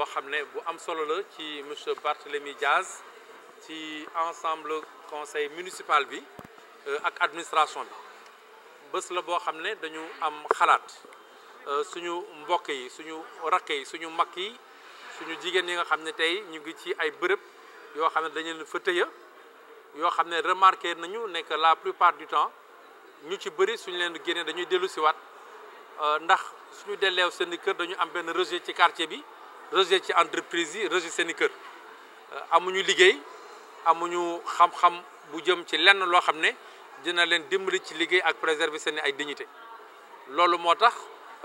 boo xam ne bu am solo la ci monsieur Barthélémy Diaz ci ensemble conseil municipal bi euh, ak administration bi bés la boo xam ne dañu am xalaat euh, suñu mbokk yi suñu rakk yi suñu mag yi suñu jigéen yi nga xam ne tey ñu ngi ci ay bërëb yoo xam ne dañu leen fa tëya yoo xam ne remarqué nañu nekk la plupart du temps ñu ci bëri suñu leen génnee dañuy dellu siwaat euh, ndax suñu delleew seen kër dañu am benn rejet ci quartier bi rejet ci entreprise yi rejet seen i kër euh, amuñu liggéey amuñu xam-xam bu jëm ci lenn loo xam ne dina leen dimbali ci liggéey ak préserver seen ay dignité loolu moo tax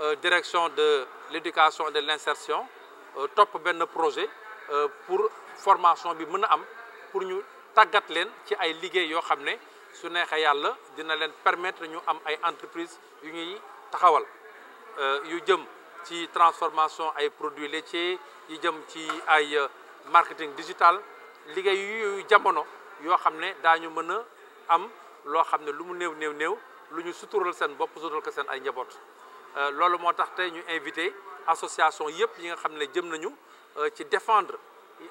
euh, direction de l'éducation et de l'insertion euh, topp benn projet pour formation bi mën a am pour ñu tàggat leen ci ay liggéey yoo xam ne su neexee yàlla dina leen permettre ñu am ay entreprise yu ñuy taxawal yu jëm ci transformation ay produits ci yi jëm ci ay euh, marketing digital liggéey yu jamono yoo xam ne daañu mën a am loo xam ne lu mu néew néew néew lu ñu sutural seen bopp sutural ko seen ay njaboot euh, loolu moo tax tey ñu invité association yëpp yi nga xam ne jëm nañu euh, ci défendre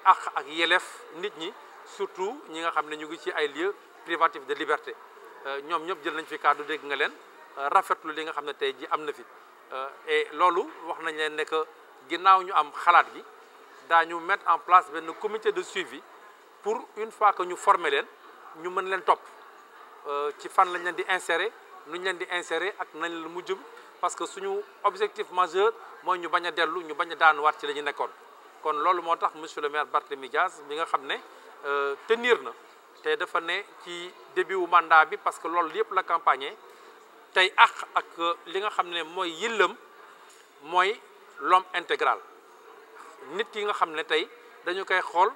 ak ak yelef nit ñi surtout ñi nga xam ne ñu ngi ci ay lieux privatifs de liberté ñoom ñëpp jël nañ fi kàddu dégg nga leen rafetlu li nga xam ne tey ji am na fi Euh, et loolu wax nañ leen ne que ginnaaw ñu am xalaat gi daañu mettre en place benn comité de suivi pour une fois que ñu former leen ñu mën leen topp euh, ci fan lañ leen di insérer nuñ leen di insérer ak nañ leen mujj parce que suñu objectif majeur mooy ñu bañ a dellu ñu bañ a daanuwaat ci la ñu nekkoon. kon loolu moo tax monsieur le maire Barthélémy Dias bi nga xam ne euh, tenir na te dafa ne ci début wu mandat bi parce que loolu yëpp la campagne. tey àq ak euh, li nga xam ne mooy yëllam mooy lom intégral nit ki nga xam ne tey dañu koy xool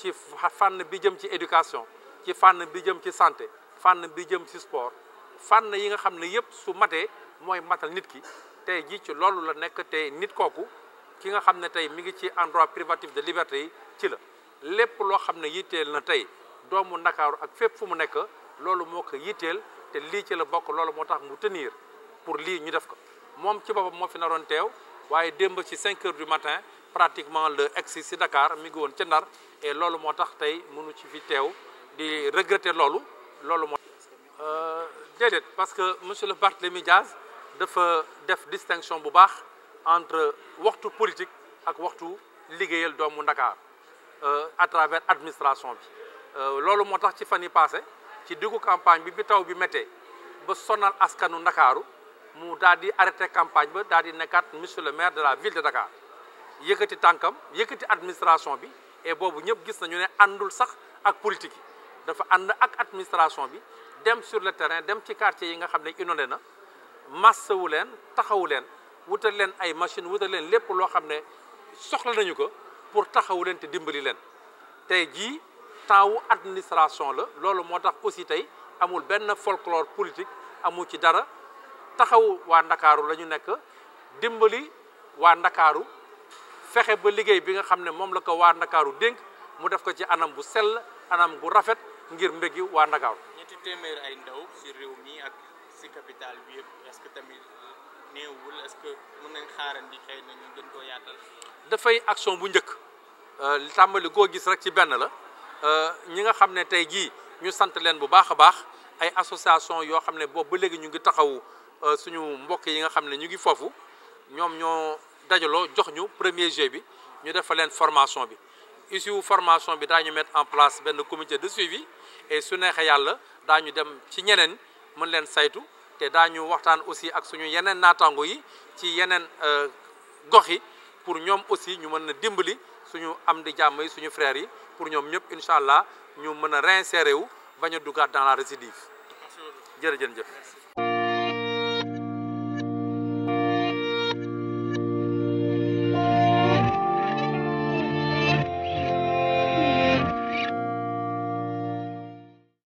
ci fànn bi jëm ci éducation ci fànn bi jëm ci santé fànn bi jëm ci sport fànn yi nga xam ne yëpp su matee mooy matal nit ki tey jii ci loolu la nekk tey nit kooku ki nga xam ne tey mi ngi ci endroit privatif de liberté yi ci la lépp loo xam ne yitteel na tey doomu Ndakaaru ak fépp fu mu nekk loolu moo ko yitteel te lii ci la bokk loolu moo tax mu tenir pour lii ñu def ko moom ci boppam moo fi naroon teew waaye démb ci 5 heures du matin pratiquement le egsi si Dakar mi ngi woon ca Ndar et loolu moo tax tey mënu ci fi teew di regretter loolu loolu moo euh, déedéet parce que monsieur le Barthélémy Diaz dafa def distinction bu baax entre waxtu politique ak waxtu liggéeyal doomu Ndakaar euh, à travers administration bi euh, loolu moo tax ci fan yi ci diggu campagne bi bi taw bi méttee ba sonal askanu ndakaaru mu daal di arrêté campagne ba daal di nekkaat monsieur le maire de la ville de Dakar yëkkati tànkam yëkkati administration bi et boobu ñëpp gis nañu ne àndul sax ak politique dafa ànd ak administration bi dem sur le terrain dem ci quartier yi nga xam ne inondé na massawu leen taxawu leen wutal leen ay machine wutal leen lépp loo xam ne soxla nañu ko pour taxawu leen te dimbali leen tey jii taawu administration la loolu moo tax aussi tey amul benn folklore politique amul ci dara taxaw waa ndakaaru la ñu nekk dimbali waa ndakaaru fexe ba liggéey bi nga xam ne moom la ko waa ndakaaru dénk mu def ko ci anam bu sell anam bu rafet ngir mbégi waa ndakaaru ñetti si réew mi ak dafay action bu njëkk euh, tàmbali koo gis rek ci benn la Euh, ñi nga xam ne tey jii ñu sant leen bu baax a baax ay association yoo xam ne boobu ba léegi ñu ngi taxawu euh, suñu mbokk yi nga xam ne ñu ngi foofu ñoom ñoo dajaloo jox ñu premier G bi ñu defal leen formation bi issue formation bi daa ñu mettre en place benn commuté de suivi et su neexee yàlla daañu dem ci ñeneen mën leen saytu te daa ñu waxtaan aussi ak suñu yeneen naataango yi ci yeneen euh, gox yi pour ñoom aussi ñu mën na dimbali suñu am di jàmm yi suñu frères yi pour ñoom ñëpp incha allah ñu mën a réinsérer wu bañ a duggaat dans la récidive jërëjëf jëf